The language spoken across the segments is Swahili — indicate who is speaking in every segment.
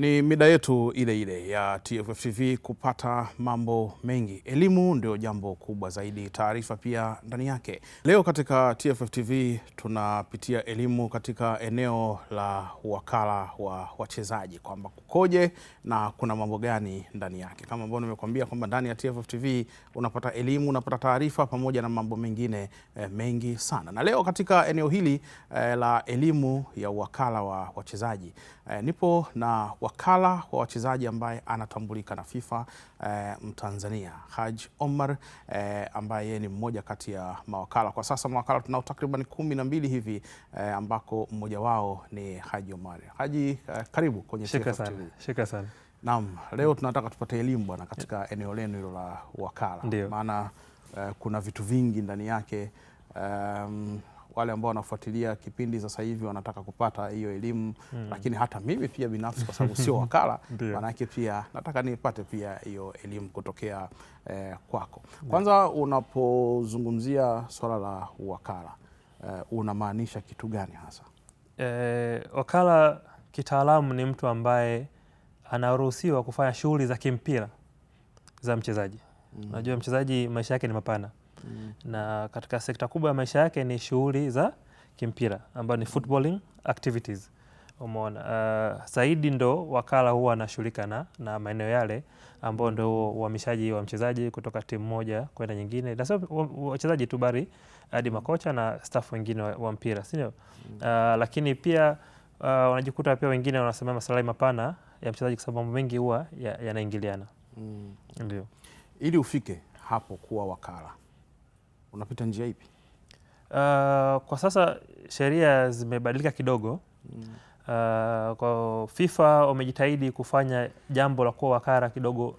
Speaker 1: Ni mida yetu ile ile ya TFF TV kupata mambo mengi. Elimu ndio jambo kubwa zaidi, taarifa pia ndani yake. Leo katika TFF TV tunapitia elimu katika eneo la wakala wa wachezaji, kwamba kukoje na kuna mambo gani ndani yake, kama ambavyo nimekuambia kwamba ndani ya TFF TV unapata elimu, unapata taarifa pamoja na mambo mengine eh, mengi sana. Na leo katika eneo hili eh, la elimu ya wakala wa wachezaji eh, nipo na wakala wa wachezaji ambaye anatambulika na FIFA e, Mtanzania Haji Omar e, ambaye yeye ni mmoja kati ya mawakala kwa sasa. Mawakala tunao takriban kumi na mbili hivi e, ambako mmoja wao ni Haji Omar. Haji, e, karibu kwenye shika sana, Shika sana. Naam, leo tunataka tupate elimu bwana katika yeah, eneo lenu hilo la wakala maana e, kuna vitu vingi ndani yake um, wale ambao wanafuatilia kipindi sasa hivi wanataka kupata hiyo elimu mm. Lakini hata mimi pia binafsi kwa sababu sio wakala manake pia nataka nipate pia hiyo elimu kutokea eh, kwako. Kwanza unapozungumzia swala la wakala eh, unamaanisha kitu gani hasa?
Speaker 2: Eh, wakala kitaalamu ni mtu ambaye anaruhusiwa kufanya shughuli za kimpira za mchezaji. Hmm. Unajua mchezaji maisha yake ni mapana na katika sekta kubwa ya maisha yake ni shughuli za kimpira ambayo ni footballing activities. Umeona uh, Saidi ndo wakala huwa anashughulika na, na maeneo yale ambao ndo uhamishaji wa mchezaji kutoka timu moja kwenda nyingine, na sio wachezaji tu bali hadi makocha na staff wengine wa, wa mpira si uh, lakini pia uh, wanajikuta pia wengine wanasema maslahi mapana ya mchezaji kwa sababu mambo mengi huwa yanaingiliana
Speaker 1: ya mm. ndio ili ufike hapo kuwa wakala unapita njia ipi?
Speaker 2: Uh, kwa sasa sheria zimebadilika kidogo mm. Uh, kwa FIFA wamejitahidi kufanya jambo la kuwa wakara kidogo uh,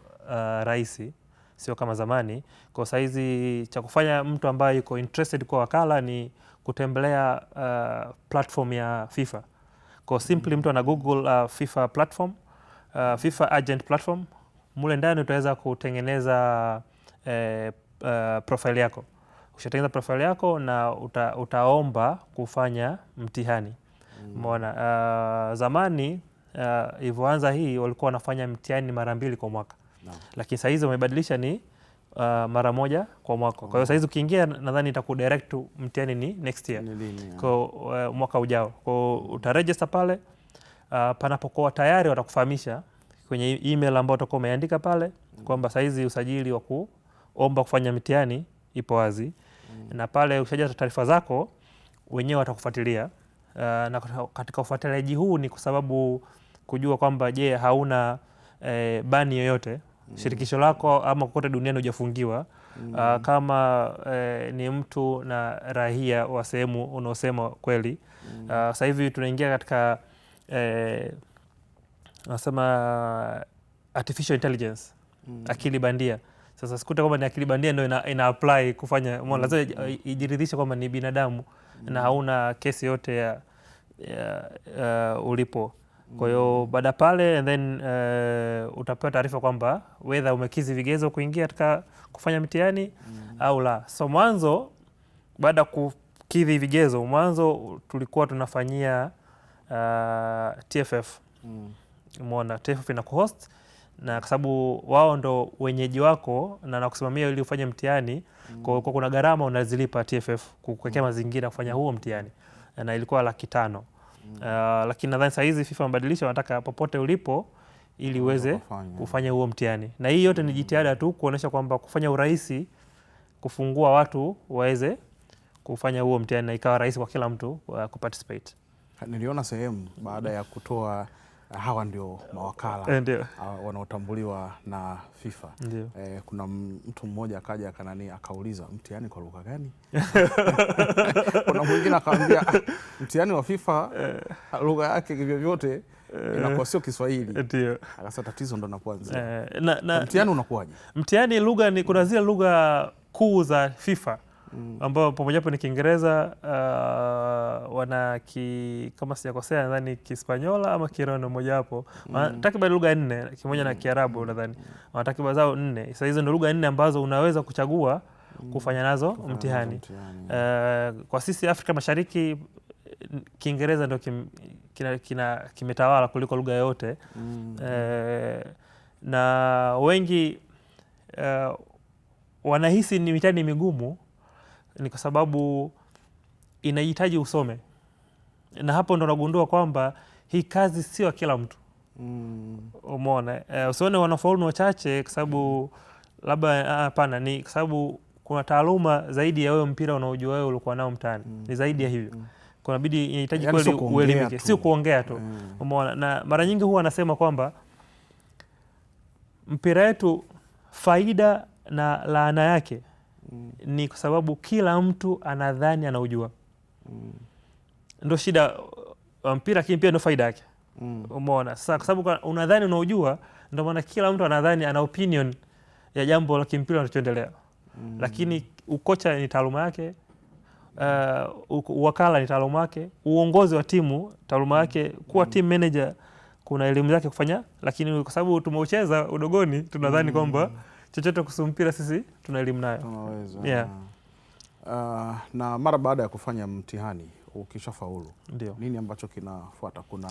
Speaker 2: rahisi, sio kama zamani. Kwa saizi cha kufanya mtu ambaye yuko interested kuwa wakala ni kutembelea uh, platform ya FIFA kwa simply mm. mtu ana google uh, FIFA platform uh, FIFA agent platform, mule ndani utaweza kutengeneza uh, uh, profile yako ushatengeneza profile yako na uta, utaomba kufanya mtihani mm. Uh, zamani ah, ilivyoanza uh, hii walikuwa wanafanya mtihani mara mbili kwa mwaka no. Lakini saa wamebadilisha ni uh, mara moja kwa mwaka kwa hiyo mm. ukiingia, nadhani direct mtihani ni next year kwa uh, mwaka ujao kwa utaregister pale uh, panapokuwa tayari watakufahamisha kwenye email ambayo utakuwa umeandika pale mm. kwamba saa usajili wa kuomba kufanya mtihani ipo wazi mm. na pale ukishajaza taarifa zako wenyewe watakufuatilia. Uh, na katika ufuatiliaji huu ni kwa sababu kujua kwamba je, hauna eh, bani yoyote mm. shirikisho lako ama kokote duniani hujafungiwa mm. uh, kama eh, ni mtu na rahia wa sehemu unaosema kweli mm. uh, sasa hivi tunaingia katika eh, nasema artificial intelligence mm. akili bandia sasa sikuta kwamba ni akili bandia ndio ina, ina apply kufanya mm. lazima ijiridhishe kwamba ni binadamu mm. na hauna kesi yote ya, ya, ulipo mm. kwa hiyo baada pale and then uh, utapewa taarifa kwamba wedha umekizi vigezo kuingia katika kufanya mtihani mm au la. So mwanzo baada ya kukidhi vigezo, mwanzo tulikuwa tunafanyia uh, ah, TFF mm. Umeona, TFF ina kuhost na kwa sababu wao ndo wenyeji wako na nakusimamia ili ufanye mtihani mm. kwa kuna gharama unazilipa TFF kuwekea mazingira kufanya huo mtihani na ilikuwa laki tano mm. uh, lakini nadhani saa hizi FIFA wamebadilisha, wanataka popote ulipo ili uweze kufanya huo mtihani, na hii yote ni mm. jitihada tu kuonesha kwamba kufanya urahisi, kufungua watu waweze kufanya huo mtihani na ikawa rahisi kwa kila mtu uh, kuparticipate.
Speaker 1: Niliona sehemu baada ya kutoa hawa ndio mawakala eh, ah, wanaotambuliwa na FIFA. e, kuna mtu mmoja akaja akanani akauliza mtihani kwa lugha gani? kuna mwingine akaambia mtihani wa FIFA eh. lugha yake vyovyote inakuwa sio Kiswahili. Ndio akasema tatizo ndo nakuanzia. Mtihani unakuwaje?
Speaker 2: Mtihani lugha ni kuna zile lugha kuu za FIFA mm. ambao pamojawapo ni Kiingereza uh, wana ki, kama sijakosea nadhani Kispanyola ama Kireno mojawapo mm. takriban lugha nne kimoja mm. na Kiarabu mm. nadhani wana takriban zao nne. Sasa hizo ndo lugha nne ambazo unaweza kuchagua mm. kufanya nazo mm. mtihani, mtihani. Uh, kwa sisi Afrika Mashariki Kiingereza ndo kim, kimetawala kuliko lugha yote mm. uh, na wengi uh, wanahisi ni mitihani migumu ni kwa sababu inahitaji usome, na hapo ndo nagundua kwamba hii kazi sio ya kila mtu mm. Umeona uh, usione wanafaulu ni wachache kwa sababu labda ah, hapana, ni kwa sababu kuna taaluma zaidi ya wewe mpira unaojua wewe ulikuwa nao mtaani mm. ni zaidi ya mm. hivyo mm. kunabidi inahitaji yaani kweli uelimike, sio kuongea tu mm. Umeona, na mara nyingi huwa anasema kwamba mpira wetu faida na laana yake ni kwa sababu kila mtu anadhani anaujua mm. ndo shida wa uh, mpira, lakini pia ndo faida yake mm. Umeona sasa, kwa sababu unadhani unaujua, ndo maana kila mtu anadhani ana opinion ya jambo la kimpira linachoendelea mm. Lakini ukocha ni taaluma yake uh, uwakala ni taaluma yake, uongozi wa timu taaluma yake, kuwa mm. team manager kuna elimu zake kufanya, lakini kwa sababu tumeucheza udogoni tunadhani mm. kwamba chochote kuhusu mpira, sisi tuna elimu nayo
Speaker 1: yeah. Uh, na mara baada ya kufanya mtihani ukisha faulu ndio nini ambacho kinafuata? Kuna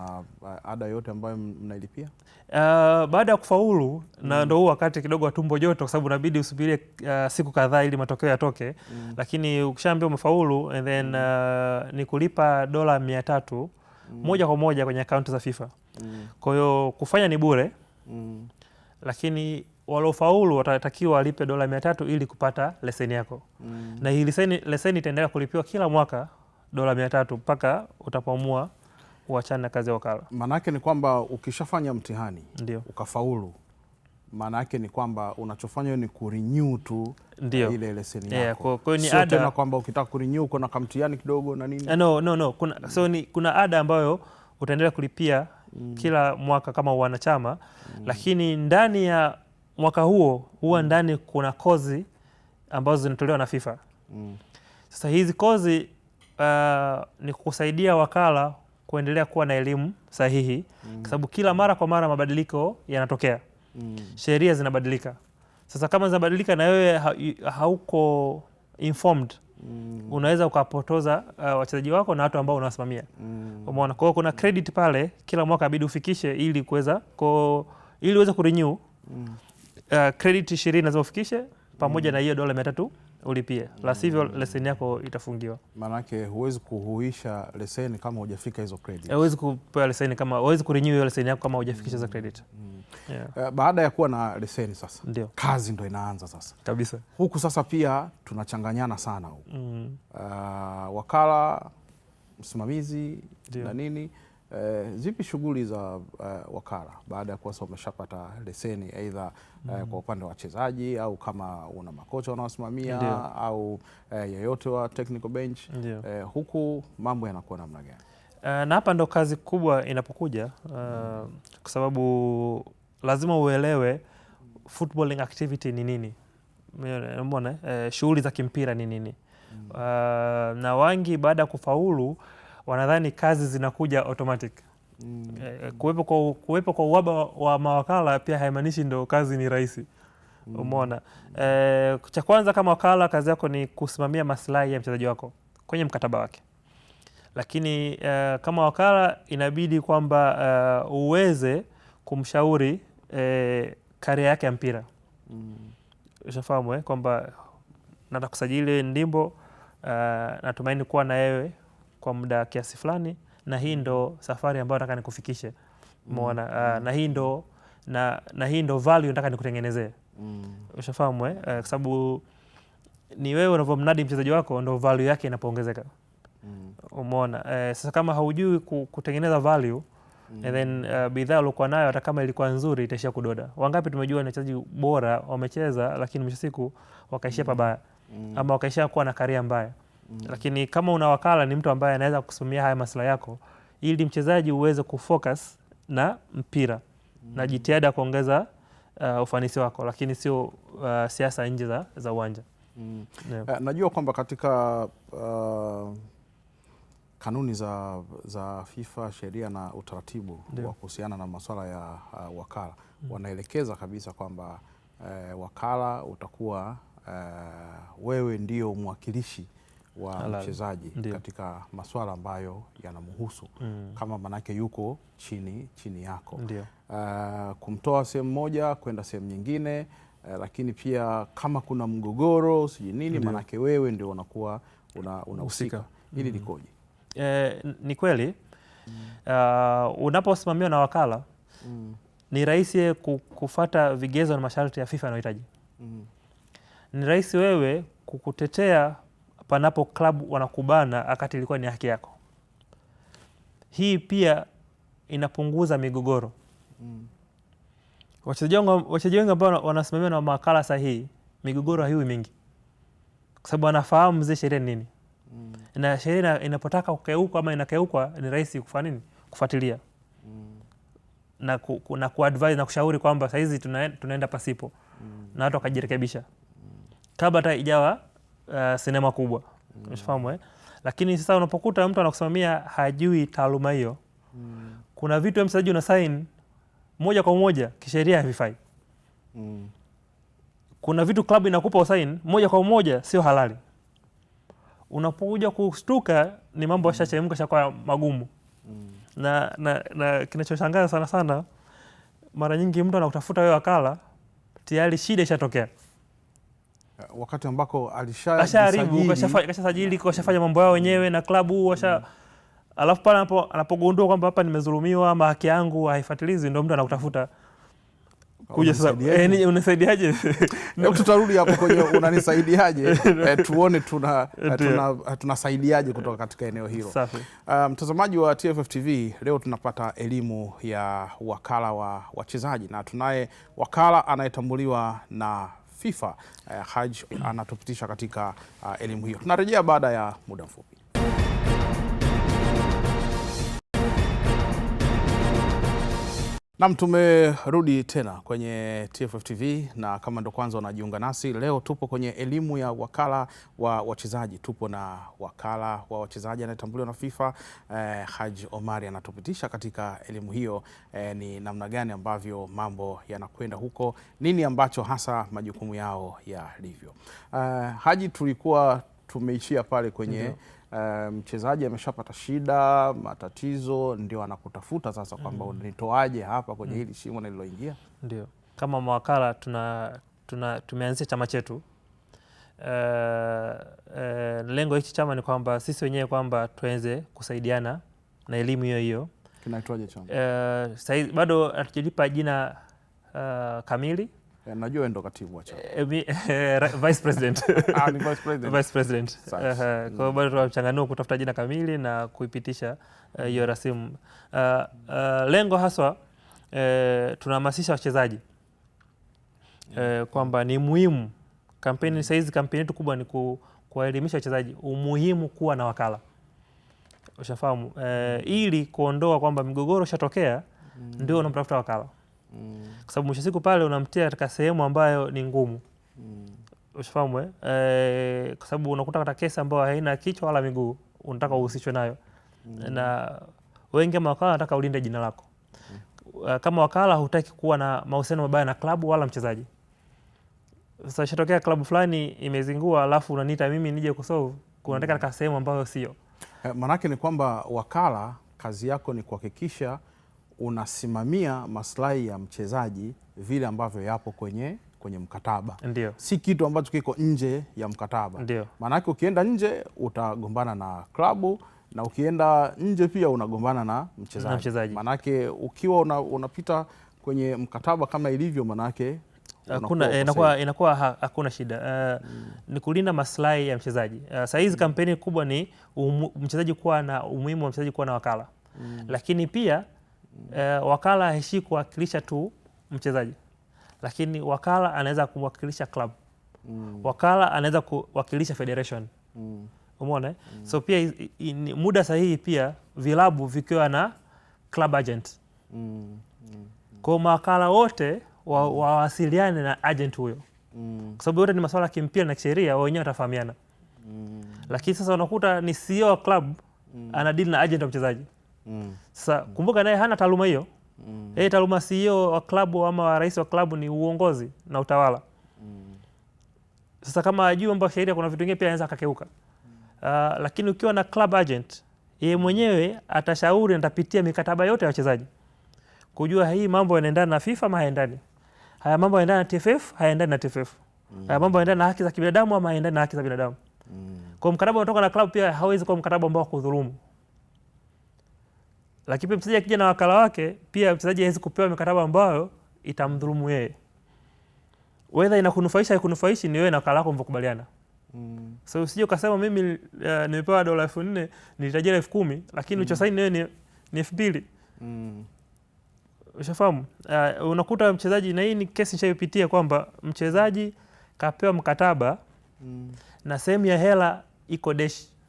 Speaker 1: ah, ada yote ambayo mnailipia
Speaker 2: uh, baada ya kufaulu mm. na ndo huu wakati kidogo wa tumbo joto, kwa sababu unabidi usubirie uh, siku kadhaa ili matokeo yatoke mm. lakini ukishaambia umefaulu and then uh, ni kulipa dola mia tatu mm. moja kwa moja kwenye akaunti za FIFA mm. kwa hiyo kufanya ni bure mm. lakini waliofaulu watatakiwa walipe dola mia tatu ili kupata leseni yako mm. na hii leseni itaendelea kulipiwa kila mwaka dola mia tatu mpaka utapoamua uachane na kazi ya wakala.
Speaker 1: yake ni kwamba ukishafanya mtihani ndio ukafaulu, maana yake ni kwamba unachofanya ni kurinyu tu ndio ile leseni yako. Yeah, kwa hiyo ni ada tena kwamba ukitaka kurinyu kuna kamtihani kidogo na
Speaker 2: nini. Eh, no, no, no. Kuna, mm. so ni, kuna ada ambayo utaendelea kulipia mm. kila mwaka kama wanachama mm. lakini ndani ya mwaka huo huwa mm. ndani kuna kozi ambazo zinatolewa na FIFA. Mm. Sasa hizi kozi uh, ni kusaidia wakala kuendelea kuwa na elimu sahihi mm. kwa sababu kila mara kwa mara mabadiliko yanatokea mm. sheria zinabadilika. Sasa kama zinabadilika na wewe ha hauko informed mm. unaweza ukapotoza uh, wachezaji wako na watu ambao unawasimamia mm. Umeona, kwa hiyo kuna credit pale kila mwaka abidi ufikishe ili kuweza ili uweze kurenew mm uh, ishirini lazima ufikishe pamoja mm. na hiyo dola mia tatu ulipie, la mm. sivyo leseni yako itafungiwa.
Speaker 1: Maanake huwezi kuhuisha leseni kama hujafika hizo credit,
Speaker 2: eh, huwezi kupewa leseni kama huwezi kurenew hiyo leseni yako kama hujafikisha hizo mm. credit.
Speaker 1: Mm. Yeah. Eh, baada ya kuwa na leseni sasa, ndio kazi ndo inaanza sasa kabisa. Huku sasa pia tunachanganyana sana huku mm. uh, wakala msimamizi na nini E, zipi shughuli za uh, wakala baada ya kuwa sasa umeshapata leseni aidha eh, mm kwa upande wa wachezaji au kama una makocha wanaosimamia au uh, yeyote wa technical bench uh, huku mambo yanakuwa namna gani?
Speaker 2: Uh, na hapa ndo kazi kubwa inapokuja uh, kwa sababu lazima uelewe footballing activity ni nini, mbona uh, shughuli za kimpira ni nini uh, na wangi baada ya kufaulu wanadhani kazi zinakuja automatic. Mm. Eh, eh, kuwepo kwa, uhaba wa mawakala pia haimaanishi ndo kazi ni rahisi. Mm. Umeona. E, cha kwanza kama wakala kazi yako ni kusimamia maslahi ya mchezaji wako kwenye mkataba wake, lakini uh, kama wakala inabidi kwamba uh, uweze kumshauri uh, karia yake ya mpira. Mm. Ushafahamu eh, kwamba natakusajili ndimbo. Uh, natumaini kuwa na wewe kwa muda kiasi fulani, na hii mm. ndo safari ambayo nataka nikufikishe. Mm. Umeona? Ah, mm. na hii ndo na, na hii ndo value nataka nikutengenezee. mm. Ushafahamu eh? Ah, kwa sababu ni wewe unavyomnadi mchezaji wako ndo value yake inapoongezeka. mm. Umeona? Eh, sasa kama haujui kutengeneza value Mm. And then uh, bidhaa uliokuwa nayo hata kama ilikuwa nzuri itaishia kudoda. Wangapi tumejua ni wachezaji bora wamecheza, lakini mwisho siku wakaishia mm. pabaya mm. ama wakaishia kuwa na karia mbaya. mm. Mm. Lakini kama una wakala ni mtu ambaye anaweza kusimamia haya maslahi yako ili mchezaji uweze kufocus na mpira mm. na jitihada ya kuongeza uh, ufanisi wako, lakini sio uh, siasa nje za, za uwanja
Speaker 1: mm. yeah. Uh, najua kwamba katika uh, kanuni za, za FIFA sheria na utaratibu wa kuhusiana na masuala ya uh, wakala mm. wanaelekeza kabisa kwamba uh, wakala utakuwa uh, wewe ndio mwakilishi wa mchezaji katika masuala ambayo yanamhusu mm. kama manake yuko chini chini yako uh, kumtoa sehemu moja kwenda sehemu nyingine uh, lakini pia kama kuna mgogoro sijui nini, manake wewe ndio unakuwa unahusika una hili mm. Mm-hmm. likoje?
Speaker 2: Eh, ni kweli mm. uh, unaposimamiwa na wakala mm. ni rahisi kufata vigezo na masharti ya FIFA yanayohitaji mm. ni rahisi wewe kukutetea panapo klabu wanakubana akati ilikuwa ni haki yako. Hii pia inapunguza migogoro mm. Wachezaji wengi ambao wanasimamiwa na mawakala sahihi, migogoro haiwi mingi, kwa sababu anafahamu zile sheria nini mm. na sheria inapotaka kukeukwa ama inakeukwa ni rahisi kufanya nini, kufuatilia mm. na, ku, na na kushauri kwamba sahizi tunaenda pasipo mm. na watu wakajirekebisha mm. kabla hata ijawa Eh, sinema kubwa unafahamu mm. eh? Lakini sasa unapokuta mtu anakusimamia hajui taaluma hiyo mm. kuna vitu msajili una sain moja kwa moja kisheria havifai mm. kuna vitu klabu inakupa usain moja kwa moja sio halali. Unapokuja kushtuka ni mambo mm. yashachemka shakwa magumu mm. na, na, na kinachoshangaza sana sana mara nyingi mtu anakutafuta wewe wakala tayari shida ishatokea
Speaker 1: wakati ambako
Speaker 2: alishajisajili kashafanya mambo yao wenyewe na klabu washa mm. Alafu pale anapogundua kwamba hapa nimezulumiwa ama haki yangu haifatilizi ndo mtu anakutafuta kuja sasa, unisaidiaje?
Speaker 1: Eh, tutarudi hapo kwenye unanisaidiaje, eh, tuone eh, tunasaidiaje kutoka katika eneo hilo. Ah, mtazamaji wa TFF TV, leo tunapata elimu ya wakala wa wachezaji na tunaye wakala anayetambuliwa na FIFA. Eh, Haj anatupitisha katika eh, elimu hiyo, tunarejea baada ya muda mfupi. Nam, tumerudi tena kwenye TFF TV na kama ndo kwanza wanajiunga nasi leo, tupo kwenye elimu ya wakala wa wachezaji. Tupo na wakala wa wachezaji anayetambuliwa na FIFA eh, Haji Omari anatupitisha katika elimu hiyo eh, ni namna gani ambavyo mambo yanakwenda huko, nini ambacho hasa majukumu yao yalivyo. Eh, Haji, tulikuwa tumeishia pale kwenye Ndiyo mchezaji um, ameshapata shida, matatizo, ndio anakutafuta sasa kwamba mm. unitoaje hapa kwenye mm. hili shimo nililoingia.
Speaker 2: Ndio kama mawakala tuna, tuna, tumeanzisha chama chetu Uh, uh, lengo hichi chama ni kwamba sisi wenyewe kwamba tuweze kusaidiana na elimu hiyo hiyo. Kinaitwaje chama? Uh, bado hatujalipa jina uh, kamili
Speaker 1: Eh, najua ndo katibu wa chama
Speaker 2: eh, eh, ah, vice president vice president, Kwa hiyo bado tunachanganua kutafuta jina kamili na kuipitisha hiyo uh, rasimu uh, uh, lengo haswa uh, tunahamasisha wachezaji uh, kwamba ni muhimu kampeni mm. sahizi kampeni yetu kubwa ni ku, kuwaelimisha wachezaji umuhimu kuwa na wakala, ushafahamu uh, ili kuondoa kwamba migogoro ishatokea, mm. ndio unamtafuta wakala mm. kwa sababu mwisho siku pale unamtia katika sehemu ambayo ni ngumu mm. ushafahamu eh? E, kwa sababu unakuta katika kesi ambayo haina kichwa wala miguu unataka mm. uhusishwe nayo mm. na wengi kama wakala wanataka ulinde jina lako mm. Eh, kama wakala hutaki kuwa na mahusiano mabaya na klabu wala mchezaji. Sasa ishatokea klabu fulani imezingua, alafu unaniita mimi nije kusolve, kunataka mm. katika sehemu ambayo sio.
Speaker 1: Eh, maanake ni kwamba wakala kazi yako ni kuhakikisha unasimamia maslahi ya mchezaji vile ambavyo yapo kwenye kwenye mkataba. Ndiyo. Si kitu ambacho kiko nje ya mkataba. Ndiyo. Maanake ukienda nje utagombana na klabu na ukienda nje pia unagombana na mchezaji, mchezaji. Maanake ukiwa una, unapita kwenye mkataba kama ilivyo maanake
Speaker 2: eh, inakuwa inakuwa hakuna shida uh, mm. Ni kulinda maslahi ya mchezaji uh, eh, saa hizi mm. Kampeni kubwa ni mchezaji kuwa na umuhimu wa mchezaji kuwa na wakala mm. Lakini pia eh, wakala haishi kuwakilisha tu mchezaji, lakini wakala anaweza kuwakilisha club mm. wakala anaweza kuwakilisha federation mm. Umeona eh? mm. So pia ni muda sahihi pia vilabu vikiwa na club agent mm. mm. Kwa mawakala wote wawasiliane na agent huyo mm. Kwa sababu yote ni masuala ya kimpira na kisheria, wao wenyewe watafahamiana mm. Lakini sasa unakuta ni CEO wa club mm. ana deal na agent wa mchezaji Mm. Sasa kumbuka naye hana taaluma hiyo. Mm. Yeye taaluma si wa klabu ama wa rais wa klabu ni uongozi na utawala. Mm. Sasa kama ajui kwamba sheria kuna vitu vingine pia anaweza akakeuka. Mm. Uh, lakini ukiwa na club agent yeye mwenyewe atashauri atapitia mikataba yote ya wachezaji kujua hii mambo yanaendana na FIFA ama hayaendani. Haya mambo yanaendana na TFF, hayaendani na TFF. Mm. Haya mambo yanaendana na haki za kibinadamu ama hayaendani na haki za binadamu. Mm. Kwa mkataba unatoka na klabu pia hawezi kuwa mkataba ambao wa kudhulumu. Lakini pia mchezaji akija na wakala wake, pia mchezaji hawezi kupewa mikataba ambayo itamdhulumu yeye. Wedha inakunufaisha ikunufaishi, ni wewe na wakala wako mvokubaliana. Mm. So usije ukasema mimi uh, nimepewa dola elfu nne nilitajia elfu kumi lakini mm. ulichosaini wewe ni, ni elfu mbili mm. Ushafahamu? Uh, unakuta mchezaji, na hii ni kesi nishaipitia kwamba mchezaji kapewa mkataba mm. na sehemu ya hela iko deshi mm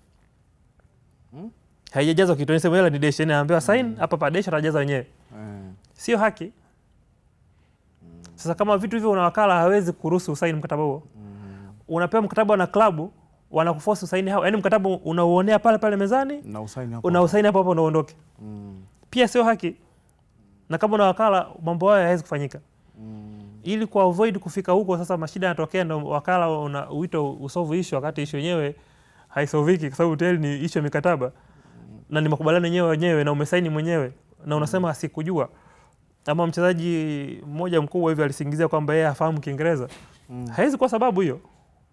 Speaker 2: haijajazwa kitu, nisema yaani hela ni deshi, yaani naambiwa sign mm. hapa pa deshi, atajaza wenyewe. Eh. Sio haki. Mm. Sasa kama vitu hivyo una wakala hawezi kuruhusu usaini mkataba huo. Mm. Unapewa mkataba na klabu wanakuforce usaini hao. yani mkataba unauonea pale pale mezani na usaini hapo. Una usaini hapo hapo unaondoke. Pia sio haki. Na kama una wakala mambo hayo hayawezi kufanyika. Ili ku avoid kufika huko sasa mashida yanatokea ndio wakala una wito usolve issue wakati issue yenyewe haisoviki kwa sababu tayari ni issue mikataba. Mm na ni makubaliano yenyewe wenyewe na umesaini mwenyewe na unasema mm. sikujua ama mchezaji mmoja mkubwa hivi alisingizia kwamba yeye afahamu Kiingereza mm. haiwezi kuwa sababu hiyo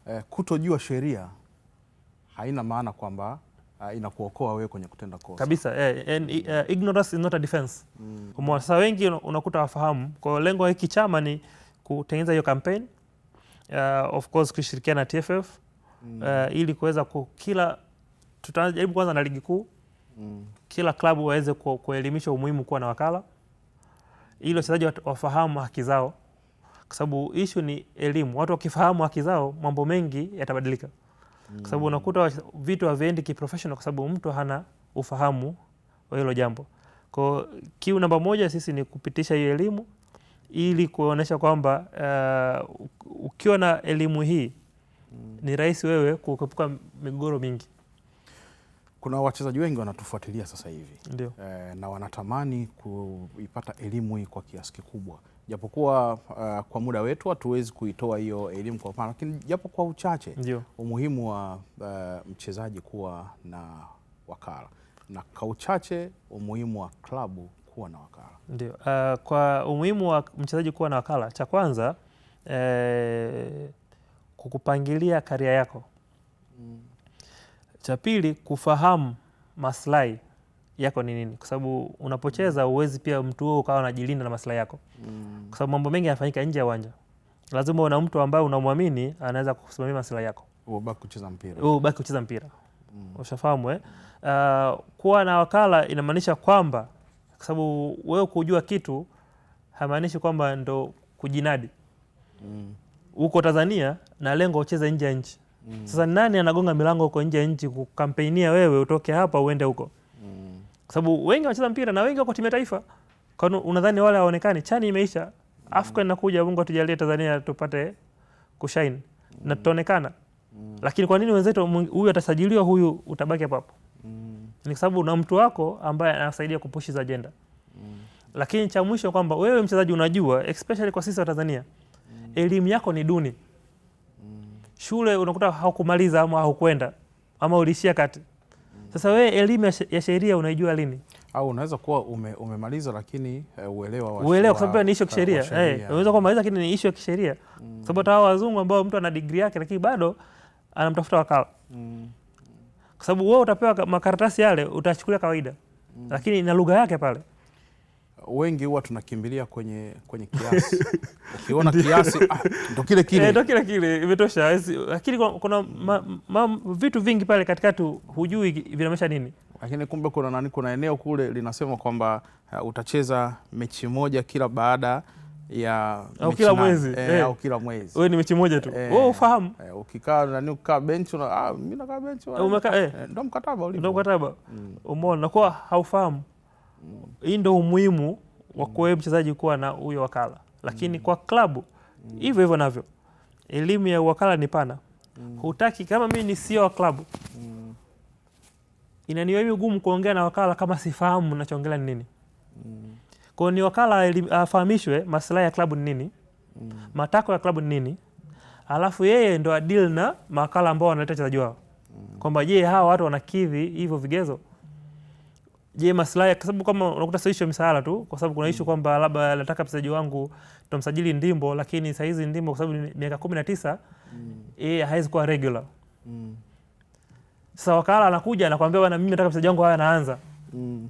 Speaker 1: eh, kutojua sheria haina maana kwamba uh, inakuokoa wewe kwenye kutenda kosa
Speaker 2: kabisa eh, and, uh, ignorance is not a defense mm. kwa sasa wengi unakuta wafahamu kwa lengo la kichama ni kutengeneza hiyo campaign uh, of course kushirikiana na TFF mm. uh, ili kuweza kila tutajaribu kwanza na ligi kuu mm. Kila klabu waweze kuelimisha umuhimu kuwa na wakala ili wachezaji wafahamu haki zao, kwa sababu ishu ni elimu. Watu wakifahamu haki zao, mambo mengi yatabadilika, kwa sababu mm. unakuta vitu haviendi kiprofessional, kwa sababu mtu hana ufahamu wa hilo jambo. Kwa kiu namba moja sisi ni kupitisha hiyo elimu ili kuonyesha kwamba uh, ukiwa na elimu hii mm. ni rahisi wewe kuepuka migogoro mingi.
Speaker 1: Kuna wachezaji wengi wanatufuatilia sasa hivi e, na wanatamani kuipata elimu hii kwa kiasi kikubwa, japokuwa uh, kwa muda wetu hatuwezi kuitoa hiyo elimu kwa upana, lakini japo kwa uchache Ndiyo. umuhimu wa uh, mchezaji kuwa na wakala na kwa uchache umuhimu wa klabu kuwa na wakala
Speaker 2: Ndiyo. Uh, kwa umuhimu wa mchezaji kuwa na wakala, cha kwanza eh, kukupangilia karia yako mm. Cha pili kufahamu maslahi yako ni nini, kwa sababu unapocheza uwezi pia mtu huo ukawa unajilinda na maslahi yako, mm. kwa sababu mambo mengi yanafanyika nje ya uwanja. Lazima una mtu ambaye unamwamini anaweza kusimamia maslahi yako,
Speaker 1: ubaki kucheza mpira,
Speaker 2: ubaki kucheza mpira. Mm. Ushafahamu eh? Uh, kuwa na wakala inamaanisha kwamba, kwa sababu wewe kujua kitu haimaanishi kwamba ndo kujinadi. Mm. Uko Tanzania na lengo ucheze nje ya nchi Mm. Sasa nani anagonga milango huko nje ya nchi kukampeinia wewe utoke hapa uende huko? Mm. sababu wengi wanacheza mpira na wengi wako timu ya taifa. Kwa hiyo unadhani wale hawaonekani? Chani imeisha. Mm. Afcon inakuja, Mungu atujalie Tanzania tupate kushine. Mm. Na tutaonekana. Mm. Lakini kwa nini wenzetu huyu atasajiliwa huyu utabaki hapo hapo? Mm. Ni sababu na mtu wako ambaye anasaidia kupushi za ajenda. Mm. Lakini cha mwisho kwamba wewe mchezaji unajua especially kwa sisi wa Tanzania. Mm. Elimu yako ni duni. mm shule unakuta haukumaliza ama haukwenda ama ulishia kati. Sasa wewe elimu ya sheria unaijua lini?
Speaker 1: Au unaweza kuwa ume, umemaliza lakini eh, uelewa wa
Speaker 2: uelewa, kwa sababu ni issue ya kisheria eh, eh unaweza kuwa umemaliza lakini ni issue ya kisheria mm. sababu hata wazungu ambao mtu ana degree yake lakini bado anamtafuta wakala mm. kwa sababu wewe utapewa makaratasi yale utachukulia kawaida mm. lakini na lugha yake pale
Speaker 1: wengi huwa tunakimbilia kwenye kwenye kiasi. Ukiona kiasi ah, ndo kile kile eh,
Speaker 2: ndo kile kile imetosha, lakini kuna ma, ma, vitu vingi pale katikati hujui vinamaanisha nini,
Speaker 1: lakini kumbe kuna nani, kuna eneo kule linasema kwamba uh, utacheza mechi moja kila baada ya
Speaker 2: au kila mwezi
Speaker 1: e, e, au kila mwezi
Speaker 2: wewe ni mechi moja tu wewe ufahamu
Speaker 1: e, ukikaa nani ukikaa benchi na ah, mimi nakaa benchi
Speaker 2: umekaa e, ndo mkataba ulipo ndo mkataba mm. Umeona kwa haufahamu hii ndo umuhimu wa kuwe mchezaji kuwa na huyo wakala, lakini mm. kwa klabu mm. hivyo hivyo navyo elimu ya wakala ni pana. Mm. Hutaki kama mimi ni sio wa klabu, inaniwa mimi ugumu kuongea na wakala kama sifahamu nachoongelea ni nini. Kwa ni wakala afahamishwe maslahi ya klabu ni nini, matako ya klabu ni nini, alafu yeye ndo adili na mawakala ambao wanaleta wachezaji wao, kwamba je, hawa watu wanakidhi hivyo vigezo je, maslahi kwa sababu kama unakuta sio issue ya tu, kwa sababu kuna issue mm. kwamba labda nataka mchezaji wangu tutamsajili Ndimbo, lakini saa hizi Ndimbo kwa sababu miaka 19 mm. yeye haizi kuwa regular. mm. Sasa wakala anakuja anakuambia bwana, mimi nataka mchezaji wangu haya anaanza. mm.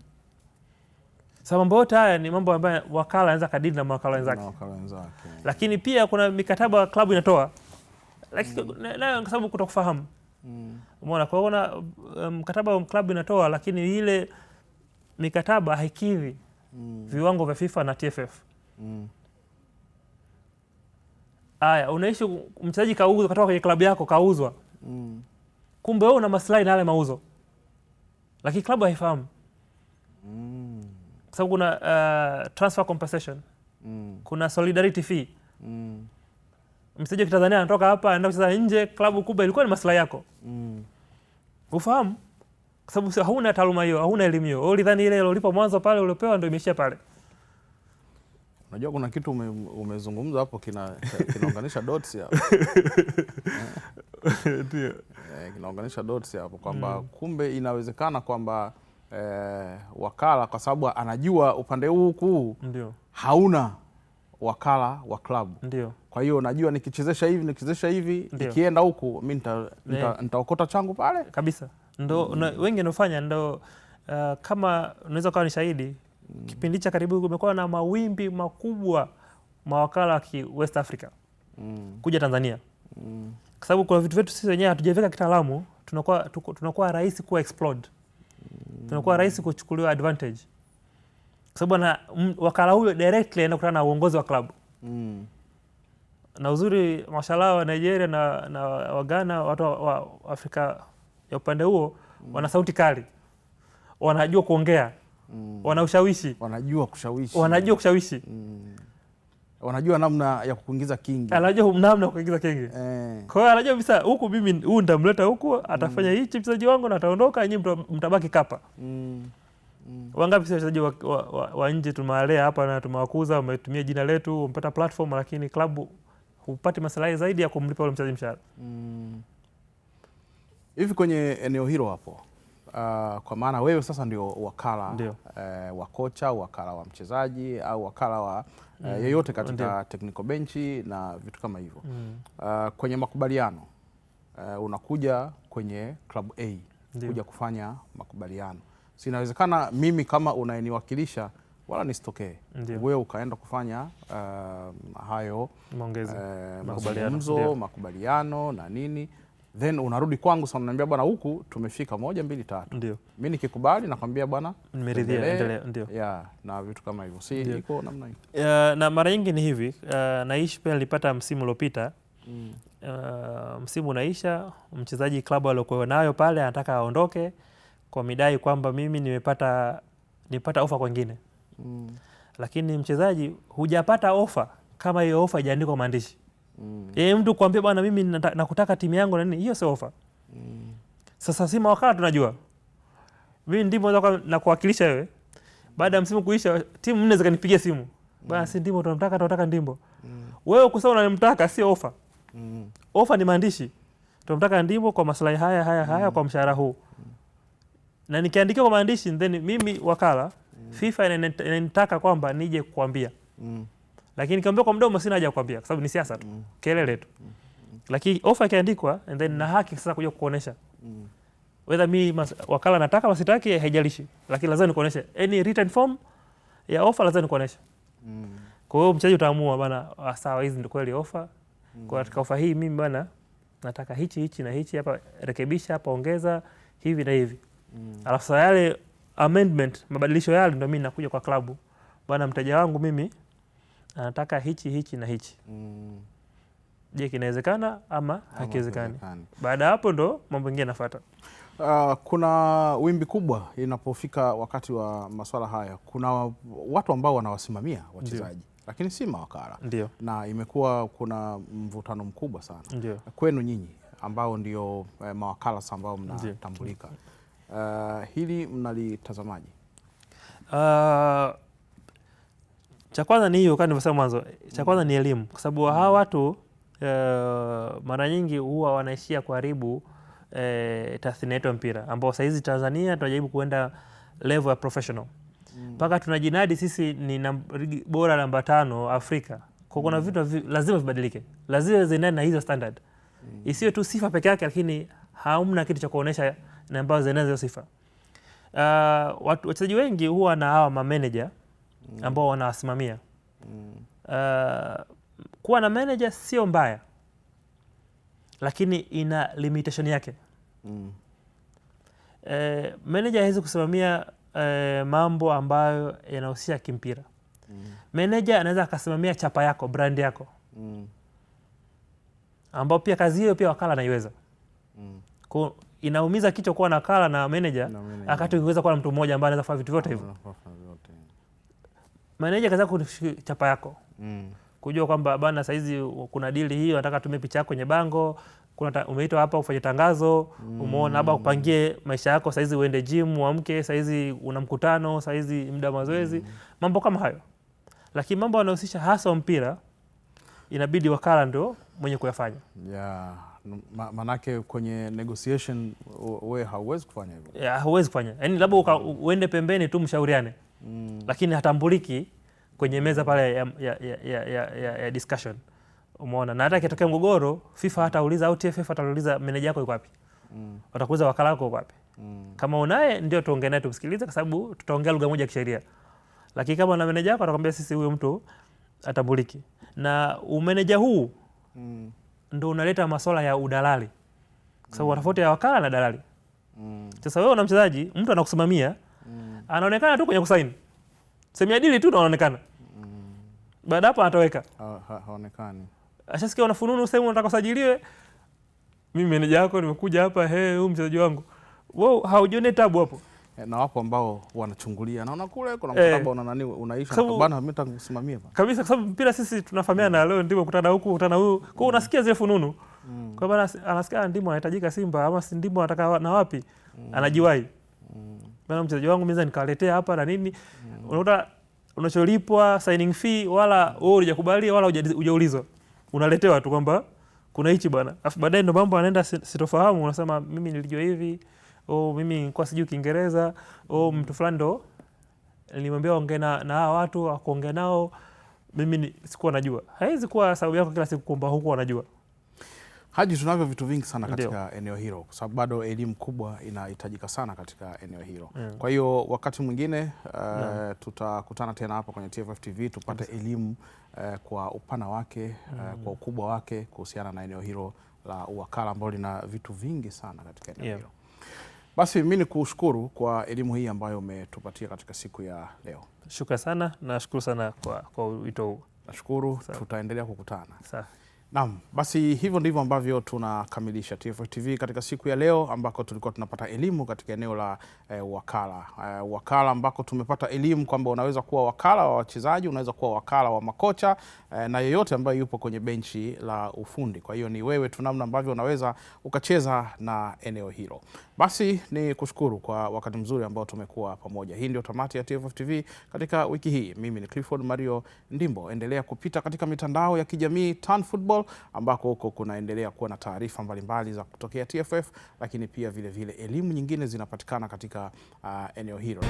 Speaker 2: Sasa mambo yote haya ni mambo ambayo wakala anaweza kadili na wakala wenzake. Lakini pia kuna mikataba klabu inatoa. Lakini mm. nayo kwa sababu kutokufahamu. mm. Umeona, kwa hiyo kuna um, mkataba um, wa klabu inatoa lakini ile mikataba haikidhi mm. viwango vya FIFA na TFF mm. Aya, unaishi mchezaji kauzwa katoka kwenye klabu yako kauzwa mm. kumbe weo una masilahi na yale mauzo, lakini klabu haifahamu mm. kwa sababu kuna uh, transfer compensation mm. kuna solidarity fee mm. mchezaji wa kitanzania anatoka hapa anaenda kucheza nje klabu kubwa, ilikuwa ni masilahi yako mm. ufahamu kwa sababu hauna taaluma hiyo, hauna elimu hiyo. Wewe ulidhani ile ilolipo mwanzo pale uliopewa ndio imeishia pale.
Speaker 1: Unajua kuna kitu umezungumza hapo kina kinaunganisha dots hapo ndio eh, kinaunganisha dots hapo kwamba mm. kumbe inawezekana kwamba eh, wakala kwa sababu anajua upande huu kuu hauna wakala wa klabu ndio. Kwa hiyo najua nikichezesha hivi nikichezesha hivi, ikienda huku mi eh. nitaokota changu pale
Speaker 2: kabisa ndo mm. wengi nafanya ndo uh, kama unaweza ukawa ni shahidi mm. kipindi cha karibu kumekuwa na mawimbi makubwa mawakala wa West Africa mm. kuja Tanzania mm. kwa sababu kuna vitu vyetu sisi wenyewe hatujaweka kitaalamu, tunakuwa tunakuwa rahisi kuwa explode mm. tunakuwa rahisi kuchukuliwa advantage kwa sababu na wakala huyo directly anakutana na uongozi wa klabu mm na uzuri mashallah wa Nigeria na, na Wagana watu wa Afrika ya upande huo mm. wana sauti kali, wanajua kuongea mm. wana ushawishi,
Speaker 1: wanajua kushawishi,
Speaker 2: wanajua kushawishi
Speaker 1: mm. wanajua namna ya kukuingiza kingi,
Speaker 2: anajua namna ya kukuingiza kingi eh. Kwa hiyo anajua bisa huku mimi huu nitamleta huku atafanya mm. hichi mchezaji wangu na ataondoka, nyinyi mtabaki kapa mm. Mm. Wangapi sasa wachezaji wa, wa, wa, wa nje tumewalea hapa na tumewakuza, wametumia jina letu, wamepata platform, lakini klabu hupati maslahi zaidi ya kumlipa ule mchezaji mshahara
Speaker 1: mm. Hivi kwenye eneo hilo hapo, uh, kwa maana wewe sasa ndio wakala uh, wa kocha, wakala wa mchezaji au wakala wa uh, mm. yeyote katika Ndiyo. technical bench na vitu kama hivyo mm. uh, kwenye makubaliano uh, unakuja kwenye club A kuja kufanya makubaliano, si inawezekana mimi kama unayeniwakilisha wala nisitokee wewe ukaenda kufanya uh, hayo uh, mazungumzo makubaliano na nini then unarudi kwangu sana, unaniambia bwana, huku tumefika moja mbili tatu. Ndio mimi nikikubali nakwambia bwana, nimeridhia, endelea. Ndio yeah, na vitu kama hivyo, si
Speaker 2: iko namna hiyo. Uh, na mara nyingi ni hivi uh, naishi pia nilipata msimu uliopita mm. Uh, msimu unaisha, mchezaji klabu aliyokuwa nayo pale anataka aondoke kwa midai kwamba mimi nimepata nipata ofa kwingine mm. Lakini mchezaji hujapata ofa kama hiyo ofa ijaandikwa maandishi mm. E, mtu kuambia bwana, mimi nakutaka timu yangu na nini, hiyo sio ofa mm. Sasa si mawakala tunajua, mimi ndimo nakuwakilisha wewe, baada ya msimu kuisha timu nne zikanipigia simu mm. Bwana, si ndimo tunamtaka, tunataka ndimbo mm. Wewe kusema unamtaka sio ofa mm. Ofa ni maandishi, tunamtaka ndimbo kwa maslahi haya haya haya mm. kwa mshahara huu mm. na nikiandikia kwa maandishi then mimi wakala mm. FIFA inanitaka kwamba nije kukwambia mm lakini nikiambia kwa mdomo sina haja kukwambia kwa sababu ni siasa tu, mm. kelele tu. mm. Lakini ofa ikiandikwa and then na mm. haki sasa kuja kukuonesha. Mm. Whether mimi wakala nataka wasitaki haijalishi, lakini lazima nikuoneshe any written form ya ofa lazima nikuoneshe. Mm. Kwa hiyo mchezaji utaamua bana, ah, sawa, hizi ndio kweli ofa. mm. Kwa katika ofa hii mimi bana nataka hichi hichi na hichi hapa, rekebisha hapa, ongeza hivi na hivi. mm. Alafu sasa yale amendment, mabadilisho yale ndio mimi nakuja kwa klabu. Bana, mteja wangu mimi anataka hichi hichi na hichi mm. Je, kinawezekana ama hakiwezekani? Baada ya hapo ndo mambo mengine yanafuata.
Speaker 1: Uh, kuna wimbi kubwa inapofika wakati wa masuala haya, kuna watu ambao wanawasimamia wachezaji lakini si mawakala. Ndiyo. na imekuwa kuna mvutano mkubwa sana. Ndiyo. kwenu nyinyi ambao ndio eh, mawakala ambao mnatambulika, uh, hili mnalitazamaje?
Speaker 2: uh, cha kwanza ni hiyo kama nilivyosema mwanzo, cha kwanza ni elimu, kwa sababu mm. hawa watu uh, mara nyingi huwa wanaishia kuharibu e, eh, tathmini yetu ya mpira ambao sahizi Tanzania tunajaribu kuenda level ya professional mm. mpaka mm. tunajinadi sisi ni nam, bora namba tano Afrika kwa kuna mm. vitu vi, lazima vibadilike, lazima ziendane na hizo standard mm. isiyo tu sifa peke yake, lakini hamna kitu cha kuonyesha na ambazo zinaenda hizo sifa. Uh, wachezaji wengi huwa na hawa mameneja Mm. ambao wanawasimamia. Mm. Uh, kuwa na manager sio mbaya, lakini ina limitation yake. Mm. uh, manager hawezi kusimamia uh, mambo ambayo yanahusisha kimpira. Mm. Manager anaweza akasimamia chapa yako, brand yako. Mm. Ambao pia kazi hiyo pia wakala anaiweza. Mm. Kwa inaumiza kichwa kuwa nakala na manager, akati ukiweza kuwa na mtu mmoja ambaye anaweza kufanya vitu vyote hivyo. Maneja kaza kuchapa yako mm. kujua kwamba bana, saizi kuna dili hii, nataka tumie picha yako kwenye bango, kuna umeitwa hapa ufanye tangazo mm. umeona, labda upangie maisha yako saizi, uende gym, uamke saizi, una mkutano saizi, muda mazoezi mm. mambo kama hayo, lakini mambo yanahusisha hasa mpira inabidi wakala ndo mwenye kuyafanya
Speaker 1: yeah. Ma, manake kwenye negotiation we hauwezi kufanya
Speaker 2: hivyo yeah, hauwezi kufanya yani, labda mm. uende pembeni tu mshauriane mm. lakini hatambuliki kwenye meza pale ya, ya, ya, ya, ya, ya discussion umeona, na hata kitokea mgogoro FIFA hatauliza au TFF hatauliza meneja yako yuko wapi mm. watakuuliza wakala wako yuko wapi mm. kama unaye ndio tuongee naye tumsikilize, kwa sababu tutaongea lugha moja ya kisheria, lakini kama una meneja yako atakwambia sisi huyo mtu atambuliki, na umeneja huu mm. ndo unaleta masuala ya udalali kwa sababu mm. tofauti ya wakala na dalali mm. sasa wewe una mchezaji mtu anakusimamia anaonekana tu kwenye kusaini semiadili tu anaonekana baada hapo anatoweka, haonekani. ha, Ashasikia una sehemu unataka usajiliwe, mimi meneja wako nimekuja hapa, he, huyu mchezaji wangu wow, haujione tabu hapo
Speaker 1: eh, na wapo ambao wanachungulia, naona kule kuna eh. mkataba una nani unaisha bana, mimi nitakusimamia kabisa, kwa sababu mpira sisi tunafahamiana. Mm. Leo ndimo kutana huku kutana huyu, kwa hiyo
Speaker 2: mm. unasikia zile fununu mm. kwa bana, anasikia ah, ndimo anahitajika Simba ama si ndimo anataka na wapi mm. anajiwahi maana mchezaji wangu mimi nikaletea hapa na nini mm. unakuta unacholipwa signing fee wala wewe hujakubalia wala hujaulizwa, unaletewa tu kwamba kuna hichi bwana, afu baadaye ndo mambo anaenda sitofahamu, unasema mimi nilijua hivi oh, mimi kwa sijui Kiingereza oh, mm. mtu fulani ndo nilimwambia ongea na na hawa watu akuongea nao, mimi sikuwa najua. haizi kuwa sababu yako kila siku kwamba huko wanajua
Speaker 1: Haji, tunavyo vitu vingi sana katika Ndiyo. eneo hilo kwa sababu bado elimu kubwa inahitajika sana katika eneo hilo mm. Kwa hiyo wakati mwingine uh, mm. tutakutana tena hapa kwenye TFF TV tupate Ndiyo. elimu uh, kwa upana wake uh, mm. uh, kwa ukubwa wake kuhusiana na eneo hilo la uwakala ambalo lina vitu vingi sana katika eneo yeah. hilo. Basi mimi ni kushukuru kwa elimu hii ambayo umetupatia katika siku ya leo.
Speaker 2: Shukrani sana, nashukuru sana kwa, kwa wito huu.
Speaker 1: Nashukuru, tutaendelea kukutana. Sa. Naam, basi hivyo ndivyo ambavyo tunakamilisha TFF TV katika siku ya leo ambako tulikuwa tunapata elimu katika eneo la eh, wakala eh, wakala ambako tumepata elimu kwamba unaweza kuwa wakala wa wachezaji, unaweza kuwa wakala wa makocha eh, na yeyote ambaye yupo kwenye benchi la ufundi. Kwa hiyo ni wewe tu namna ambavyo unaweza ukacheza na eneo hilo. Basi ni kushukuru kwa wakati mzuri ambao tumekuwa pamoja. Hii ndio tamati ya TFF TV katika wiki hii. Mimi ni Clifford Mario Ndimbo. Endelea kupita katika mitandao ya kijamii Tan Football, ambako huko kunaendelea kuwa na taarifa mbalimbali za kutokea TFF, lakini pia vilevile vile elimu nyingine zinapatikana katika uh, eneo hilo.